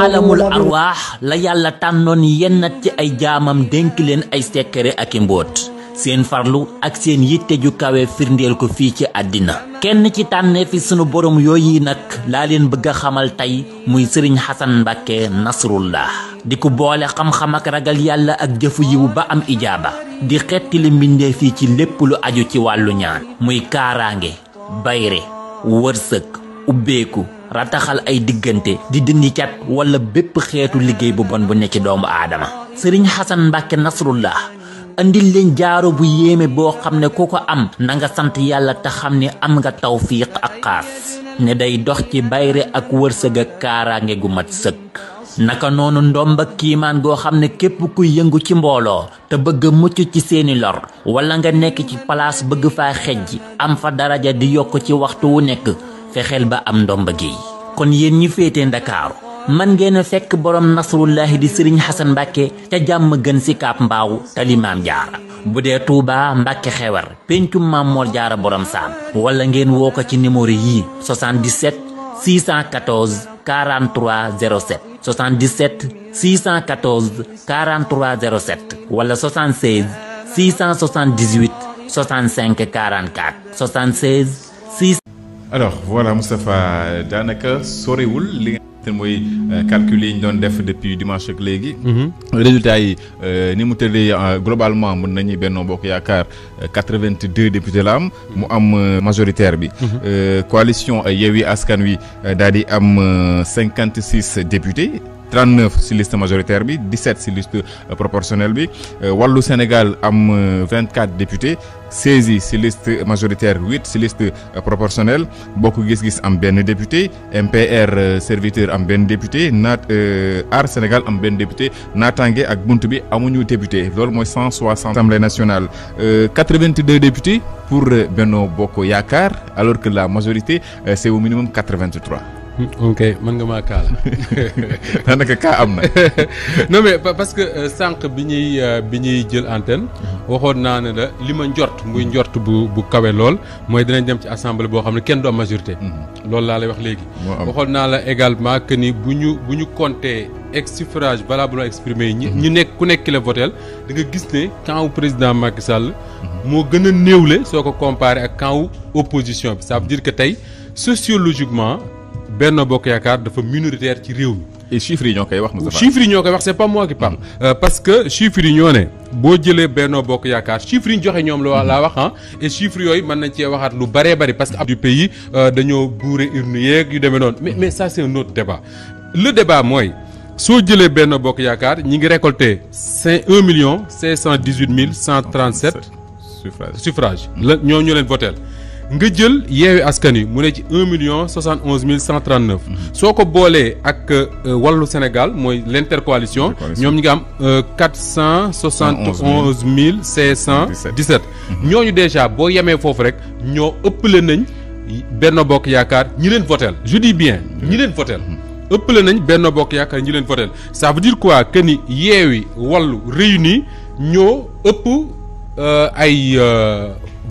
aalamul arwaax la yàlla tànnoon yennat ci ay jaamam dénk leen ay sekkere ak i mbóot seen farlu ak seen yitte ju kawe firndeel ko fii ci àddina kenn ci tànnee fi sunu borom yooyu nag laa leen bëgg a xamal tey muy sëriñ xasan mbàkke nasrullah di ko boole xam-xam ak ragal yàlla ak jëfu yiwu ba am ijaaba di xetti li mbindee fii ci lépp lu aju ci wàllu ñaan muy kaaraange bayre wërsëg ubbeeku rataxal ay diggante di dindi cat wala bépp xeetu liggéey bu bon bu ne ci doomu aadama sëriñ xasan mbàkke nasrullah andil leen jaaro bu yéeme boo xam ne ku ko am nanga sant yàlla te xam ne am nga tawfiq ak xaas ne day dox ci bayre ak wërsëg ak kaaraange gu mat sëkk naka noonu ndomba kiimaan goo xam ne képp kuy yëngu ci mbooloo te bëgg mucc ci seeni lor wala nga nekk ci palaas bëgg faa xejj am fa daraja di yokk ci waxtu wu nekk fexeel ba am ndomba géey kon yéen ñi féete ndakaaru man ngeen a fekk borom nasrullahi di sëriñ xasan mbàkke ca jàmm gën si kaap mbaaw talimaam jaara bu dee tuubaa mbàkke xewar péncum maam moor jaara boroom saam wala ngeen woo ko ci numéro yii 77 614 43 07 77 614 43 07 wala 76 678 65 44 alors voilà Moustapha daanaka sorewul li te mooy euh, calcul yi ñu doon def depuis dimanche ak léegi. Mhm. résultat yi euh, ni mu tëddee euh, globalement mun nañu Benno Bokk Yaakaar quatre-vingt-deux députés la am. mu am majoritaire bi. Mhm. coalition Yewwi Askan Wi daal di am cinquante-six députés. 39 si liste majoritaire bi 17 si liste euh, proportionnelle bi euh, wàllu Sénégal am 24 euh, députés 16 yi si liste majoritaire 8 si liste proportionnelle bokk gis-gis am benn député MPR serviteur am benn député naat Aar Sénégal am benn député Naatange ak bunt bi amuñu député loolu mooy national Assemblée nationale 82 députés pour Benno Bokk Yaakaar alors que la majorité c'est au minimum 83. Hmm, ok mën nga maa kaala daanaka kaa am na. non mais parce que euh, sànq bi ñuy euh, bi ñuy jël antenne. Mhm. waxoon naa ne la li ma njort muy njort bu bu kawe lool mooy dinañ dem ci assemble boo xam ne kenn du am majorité. Mhm. loolu laa lay wax léegi. waxoon naa la également que ni bu ñu bu ñu compter ex suffrage balaa bu exprimé yi. ñu mhm. nekk ku nekk ki la votel da nga gis ne camp président Macky Sall. moo gën a néewle soo ko comparé ak camp opposition bi. ça veut dire que tey sociologiquement. Benno Bokk Yaakaar dafa minoritaire ci réew mi. et chiffres yi ñoo koy wax Moustapha. yi ñoo koy wax c'est pas moi qui parle. Mm. Euh, parce que chiffres yi ñoo ne boo jëlee Benno Bokk Yaakaar chiffres yi ñu joxe ñoom la laa wax ah. et chiffres yooyu mën nañ cee waxaat lu baree bari parce que ab du pays euh, dañoo buure urne yeeg yu demee noonu mais mais ça c'est un autre débat le mooy. soo jëlee benn bokk yaakaar ñi ngi récolté cinq un million cinq cent dix huit mille cent trente sept suffrage suffrage ñoo ñu leen voteel nga jël yeewi askan yi mu ne ci un million soixante onze mille cent trente neuf soo ko boolee ak euh, wàllu Sénégal mooy l' intercoalition ñoom ñi ngi am euh, quatre cent soixante onze mille cinq cent dix mm-hmm. ñooñu déjà boo yemee foofu rek ñoo ëppale nañ Benno Bokk Yaakaar ñi leen voteel je bien ñi leen voteel mm-hmm. ëppale nañ Benno Bokk Yaakaar ñi leen voteel ça veut dire quoi que ni yeewi wàllu réunis ñoo ëpp euh, ay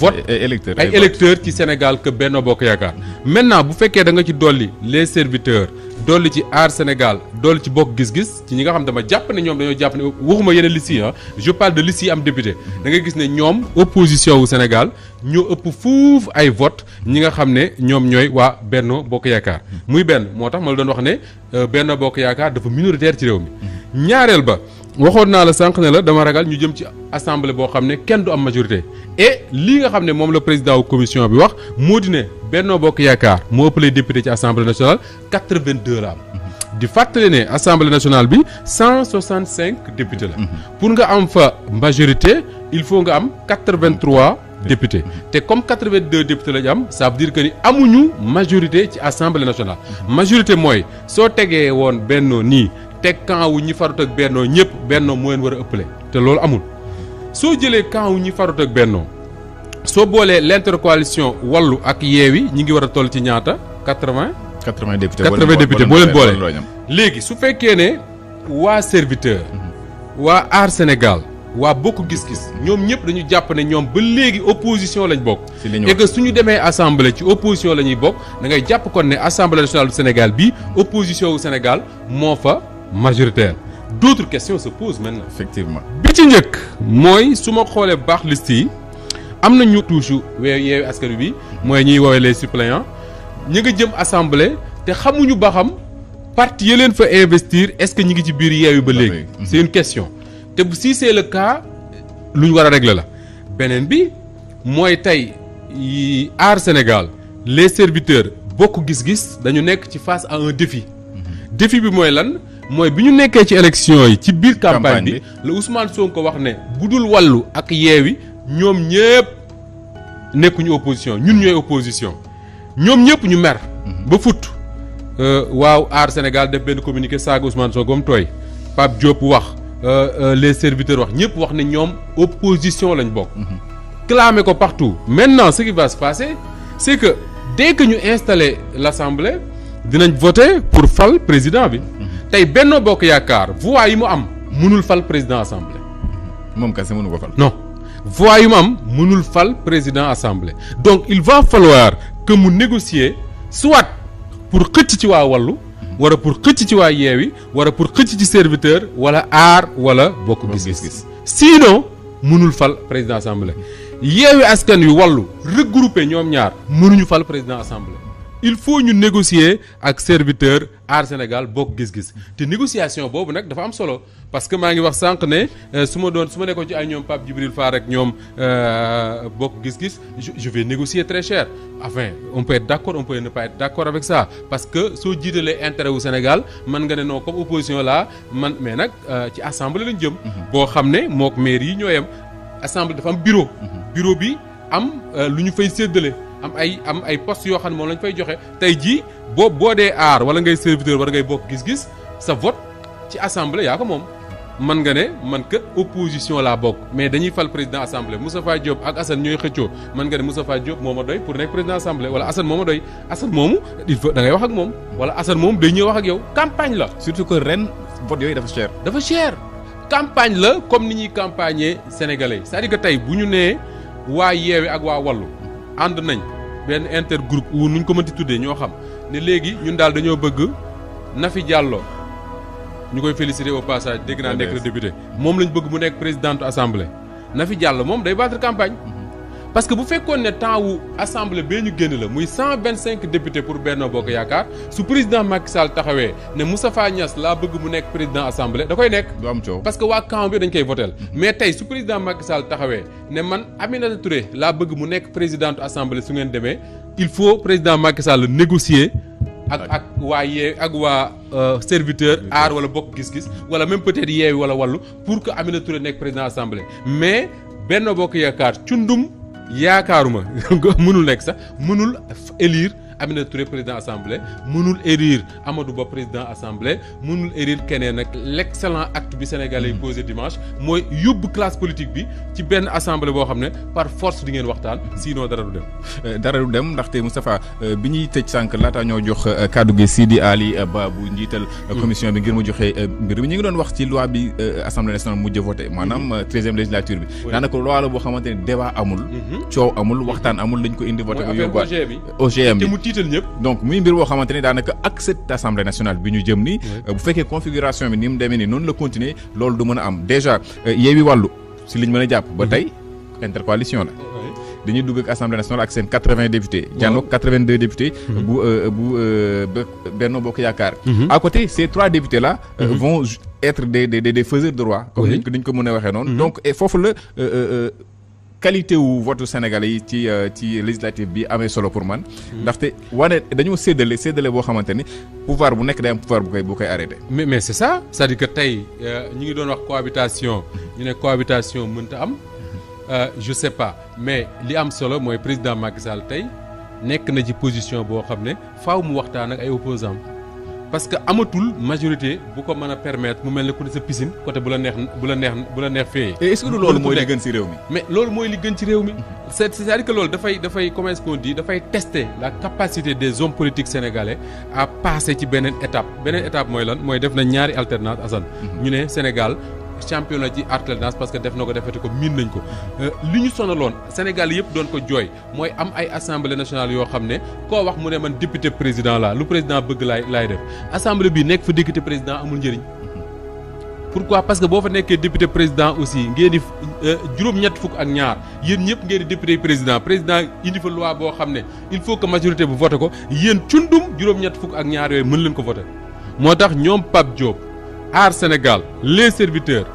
vote ay électeurs ay électeurs ci Sénégal que Benno Bokk Yaakaar maintenant bu fekkee da nga ci dolli les serviteurs dolli ci aar Sénégal dolli ci bokk gis-gis ci ñi nga xam dama jàpp ne ñoom dañoo jàpp ne waxuma yeneen liste yi ah, de liste am député da nga gis ne ñoom opposition wu senegal ñoo ëpp fuuf ay vote ñi nga xam ne ñoom ñooy waa Benno Bokk Yaakaar muy benn moo tax ma la doon wax ne euh, Benno Bokk Yaakaar dafa minoritaire ci réew mi mm-hmm. ñaareel ba. waxoon naa la sànq ne la dama ragal ñu jëm ci assemblée boo xam ne kenn du am majorité et lii nga xam ne moom la président wu commission bi wax moo di ne Benno Bokk Yaakaar moo ëppalee député ci assemblée nationale 82 la am. di fàttali ne assemblée national bi 165 député la. pour nga am fa majorité il faut nga am 83. député te comme 82 députés la ñu am ça veut dire que ni amuñu majorité ci assemblée national majorité mooy soo tegee woon benn nii. teg camp wu ñi farut ak bennoo ñëpp bennoo moo leen war a ëppale te loolu amul soo jëlee camp wu ñi farut ak bennoo soo boolee l'intercoalition wallu ak yeewi ñi ngi war a toll ci ñaata 80. 80 député député boo leen boolee léegi su fekkee ne waa serviteur. Mhm. waa aar Sénégal. waa bokk gis-gis ñoom ñëpp dañu jàpp ne ñoom ba léegi opposition lañ bokk et su ñu demee assemblée ci opposition la bokk dangay jàpp kon ne assemblée nationale du Sénégal bi opposition wu Sénégal moo fa majoritaire d'autres questions se posent maintenant. effectivement bi ci njëkk. mooy su ma xoolee baax liste yi am na ñu toujours wee yeewi bi mooy ñuy woowee les suppléants ñi nga jëm assemblée te xamuñu baaxam xam parti ya leen fa investir est-ce que ñi ngi ci biir yeewi ba léegi. c'est une question te si c'est le cas lu ñu war a régler la beneen bi mooy tey yi aar Sénégal les serviteurs bokk gis-gis dañu nekk ci face à un défi. Mhm. défi bi mooy lan. mooy bi ñu nekkee ci élection yi ci biir campagne bi la Ousmane ko wax ne bu dul wàllu ak yeewi ñoom ñëpp nekkuñu opposition ñun ñooy opposition ñoom ñëpp ñu mer mhm. ba fut euh, waaw aar Sénégal def benn communiqué saaga Ousmane Sonko mu tooy Pape Diop wax euh, euh, les serviteurs wax ñëpp wax ne ñoom opposition lañu bokk mhm. clamé ko partout maintenant ce qui va se passer que dès que ñu installer l'assemblée dinañ voter pour fal président bi tey Benno Bokk Yaakaar voix yi mu am mënul fal président assemblée. moom kese mënu ko fal. non yi mu am mënul fal président assemblée donc il va falloir que mu négocier soit pour xëcc ci waa wàllu. wala pour xëcc ci waa yeewi wala pour xëcc ci serviteur wala aar wala bokk gis-gis. sinon mënul fal président assemblée yeewi askan wi wàllu regroupé ñoom ñaar mënuñu fal président assemblée. il faut ñu négocier ak serviteur Aar Sénégal bokk gis-gis te négociation boobu nag dafa am solo parce que maa ngi wax sànq ne euh, su ma doon su ma nekkoon ci ay ñoom Pape Djibril Fall rek ñoom euh, bokk gis-gis je vais négocier très cher enfin on peut être d'accord on peut ne pas d'accord avec ça parce que soo jiitalee intérêt wu Sénégal man nga ne non comme opposition la man mais nag euh, ci assemblée lañ jëm mhm. boo xam ne mook maire yi ñoo yem assemblée dafa am bureau mhm. bureau bi am lu ñu fay séddale am ay am ay postes yoo xam ne moom lañ fay joxe tey jii boo boo dee aar wala ngay serviteur wala ngay bokk gis-gis sa vote ci assemblée yaa ko moom. man nga ne man kat opposition laa bokk mais dañuy fal président assemblée Moustapha Diop ak Assane ñooy xëccoo man nga ne Moustapha Diop moo a doy pour nekk président assemblée wala Assane moo a doy Assane moomu il faut da ngay wax ak moom wala Assane moom day ñëw wax ak yow campagne la. surtout que ren vote yooyu dafa cher. dafa cher campagne la comme ni ñuy campagner sénégalais cest que tey bu ñu nee waa yeewe ak waa wallu ànd nañ benn group wu nuñ ko mënti tuddee ñoo xam ne léegi ñun daal dañoo bëgg na fi jàlloo ñu koy féliciter au passage dégg naa nekk na député moom lañ bëgg mu nekk présidente assemblée Nafi Diallo moom day battre campagne. parce que bu fekkoon ne temps wu bee ñu génn la muy cent vingt cinq députés pour Benno Bokk Yaakaar su président Macky Sall taxawee ne Moustapha Niass laa bëgg mu nekk président assemblée da koy nekk. du am coow parce que waa camp bi dañ koy votel mm-hmm. mais tey su président Macky Sall taxawee ne man Aminata Touré laa bëgg mu nekk présidente assemblée su ngeen demee il faut président Macky Sall négocier. ak ak waa yee ak waa euh, serviteur aar wala bokk gis-gis wala même peut-être yeewi wala wàllu pour que Aminata Touré nekk président assemblée mais Benno Bokk Yaakaar cundum. yaakaaruma mënul nekk sax mënul élire Aminata Touré président assemblée mënul érir Amadou Ba président assemblée mënul érir keneen ak l'excellent acte bi sénégalais yi hmm. posé dimanche mooy yóbbu classe politique bi ci benn assemblée boo xam ne par force di ngeen waxtaan sinon dara du dem. Euh, dara du dem ndaxte Moustapha euh, bi ñuy tëj sànq laataa ñoo jox euh, kàddu gi Sidi Ali Ba bu njiital. Hmm. commission bi ngir mu joxe mbir mi ñu ngi doon wax ci loi bi assemblée nationale mujj voté hmm. maanaam treizième législature bi. daanaka loi la boo xamante ne débat amul. coow amul waxtaan amul lañ ko indi voté. ko yóbbuwaat OGM bi tiital ñëpp. donc muy mbir boo xamante ne daanaka ak cette assemblée nationale bi ñu jëm ni euh, bu fekkee configuration bi ni mu demee ni noonu la continuer loolu du mën a am déjà euh, Yewwi Wàllu si liñ mën a jàpp. ba mhm. tey intercoalition la. dañuy dugg ak assemblée nationale ak seen quatre vingt députés. jànno quatre vingt deux députés. Mhm. bu euh, bu Bokk Yaakaar. Mhm. à côté ces trois députés là. vont être des des des faiseurs de comme niñ ko ko mën a waxee noonu. donc foofu la. qualité wu votu sénégalais yi ci euh, ci législative bi amee solo pour man. ndaxte wane dañoo séddale séddale boo xamante ni pouvoir bu nekk day am pouvoir bu koy bu koy arrêté. mais mais c'est ça c'est-à-dire que tey euh, ñu ngi doon wax cohabitation ñu ne cohabitation mënta am euh, je sais pas mais li am solo mooy président Macky tey nekk na ci position boo xam ne faaw mu waxtaan ak ay opposants parce que amatul majorité bu ko mën a permettre mu mel ne ku ne sa piscine côté bu la neex bu la neex bu la neex fee. est-ce que loolu mooy li gën ci réew mi. mais loolu mooy li gën ci mi. c'est cest à loolu dafay dafay comment est-ce qu'on dafay tester la capacité de hommes politique sénégalais à passer ci beneen étape beneen étape mooy lan mooy def na ñaari alternance Assane. Mhm. ñu ne Sénégal. championnat ci art dance parce que def na ko defete ko miin nañ ko euh, li ñu sonaloon Sénégal yëpp doon ko jooy mooy am ay assemblée nationale yoo xam ne koo wax mu ne man député président la lu président bëgg laay laay def assemblée bi nekk fa député président amul njëriñ pourquoi parce que boo fa nekkee député président aussi ngeen di euh, juróom-ñett fukk ak ñaar yéen ñëpp ngeen di député président président indi fa loi boo xam ne il faut que majorité bu voté ko yéen cundum juróom-ñett fukk ak ñaar mën leen ko voté moo tax ñoom Pape Diop. aar Sénégal les serviteurs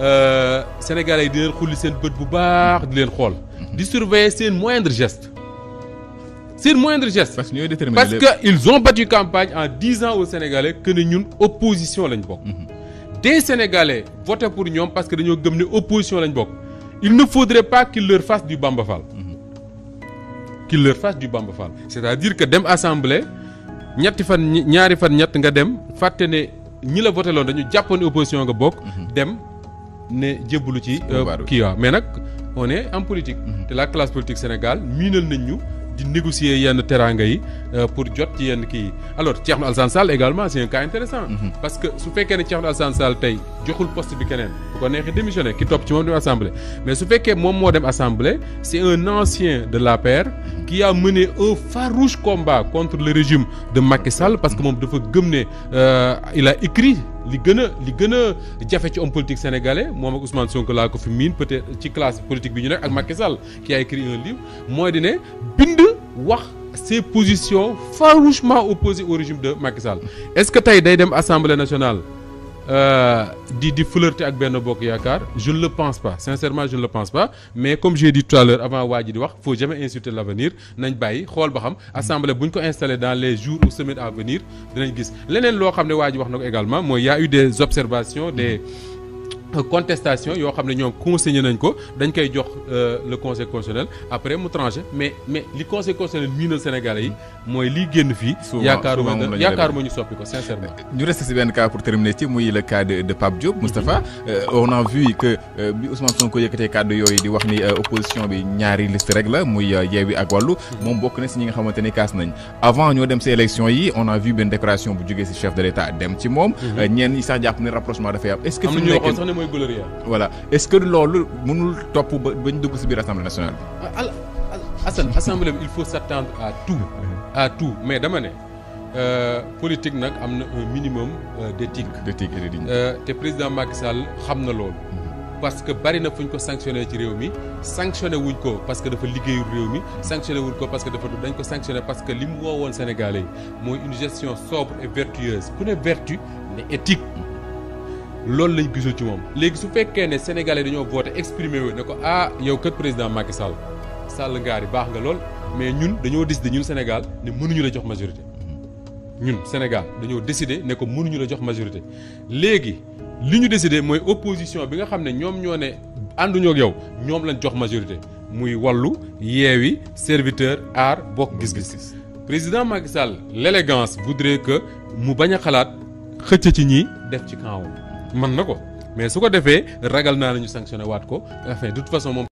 euh, sénégalais yi di leen xulli seen bët bu baax di leen xool. Mhm. di surveiller seen moindre geste seen moindre geste. parce que ñooy déterminer parce que ils ont battu campagne en disant aux sénégalais que ne ñun opposition lañ bokk. te mhm. sénégalais voté pour ñoom parce que dañoo gëm ne opposition lañ bokk il ne faudrait pas qu'il leur du Bamba fal mhm. qu'il leur fasse du Bamba fal c'est-à-dire que dem assemblée ñetti fan ñaari fan ñett nga dem fàtte ne. ñi la voté loon dañu jàppoon ne opposition nga bokk. Mhm. dem ne jébbalu ci. Euh, kii waaw mais nag on est en politique. Mhm. te la classe politique Sénégal miinal nañ ñu. di négocier yenn teraanga yi euh, pour jot ci yenn kii alors Thierno Alassane Sall également c' est un cas intéressant mm-hmm. parce que su fekkee ne Thierno Alassane Sall tey joxul post bi keneen bu ko neexee démissionné ki topp ci moom dem assemblée mais su fekkee moom moo dem assemblée c' est un ancien de l'APR qui a mené un farouche combat contre le régime de Macky Sall parce que moom dafa gëm ne euh, il a écrit li gën a li gën a jafe ci homme politique sénégalais moom ak Ousmane Sonko laa ko fi miin peut ci classe politique bi ñu nekk ak Macky Sall qui a livre mooy di ne bind wax ses position farouchement opposées au régime de Macky Sall est-ce que tey day dem assemblée nationale. Euh, di di flirter ak benn bokk yaakaar je le pense pas sincèrement je le pense pas mais comme j'ai dit tout avant waa ji di wax faut jamais insulter l'avenir nañ bàyyi xool ba xam assemblée bu ko installé dans les jours ou semaines à venir dinañ gis leneen loo xam ne waa ji wax na ko également mooy y eu des observations des. contestation yoo xam ne ñoom consigné nañ ko dañ koy jox euh, le conseil constitutionnel après mu tranché mais mais li conseil constitutionnel miinal sénégalais yi mooy liy génn fii. yaakaaruma ne yaakaaruma ñu soppi ko sincèrement. Euh, ñu reste ci benn cas pour terminer muy le cas de de Pape Diop. Moustapha euh, on a vu que bi Ousmane Sonko yëkkatee kàddu yooyu di wax ni opposition bi ñaari liste rek la muy Yewwi ak Wallu. moom bokk na ci ñi nga xamante ni nañ avant ñoo dem ci élection a vu mooy Gloria. voilà est-ce que loolu mënul topp ba bañ dugg si biir assemblée nationale bi. Ah, al Assane assemblée bi il faut s'attendre à tout. à tout mais dama ne. Euh, politique nag am na un minimum euh, d'éthique. d'éthique et de dignité. Euh, te président Macky Sall xam na loolu. Mm-hmm. parce que bari na fu ñu ko sanctionné ci réew mi sanctionné wuñ ko parce que dafa liggéeyul réew mi sanctionné wuñ ko parce que dafa dañ ko sanctionné parce que li mu woowoon Sénégalais yi mooy une gestion sobre et vertueuse ku ne vertu loolu lañ gisul ci moom léegi su fekkee ne sénégalais dañoo voté exprimé wu ne ko ah yow kat président Macky sàll Sall ngaari baax nga lool mais ñun dañoo décidé ñun Sénégal ne mënuñu la jox majorité ñun Sénégal dañoo décidé ne ko mënuñu la jox majorité léegi li ñu décidé mooy opposition bi nga xam ne ñoom ñoo ne ànduñook yow ñoom lañ jox majorité muy wallu yeewi serviteur aar bokk gis-gis. président Macky Sall l'élégance voudrait que mu bañ a xalaat xëcc ci ñi def ci camp mën na ko mais su ko defee ragal naa la ñu sanctionné waat ko enfin de toute façon moom.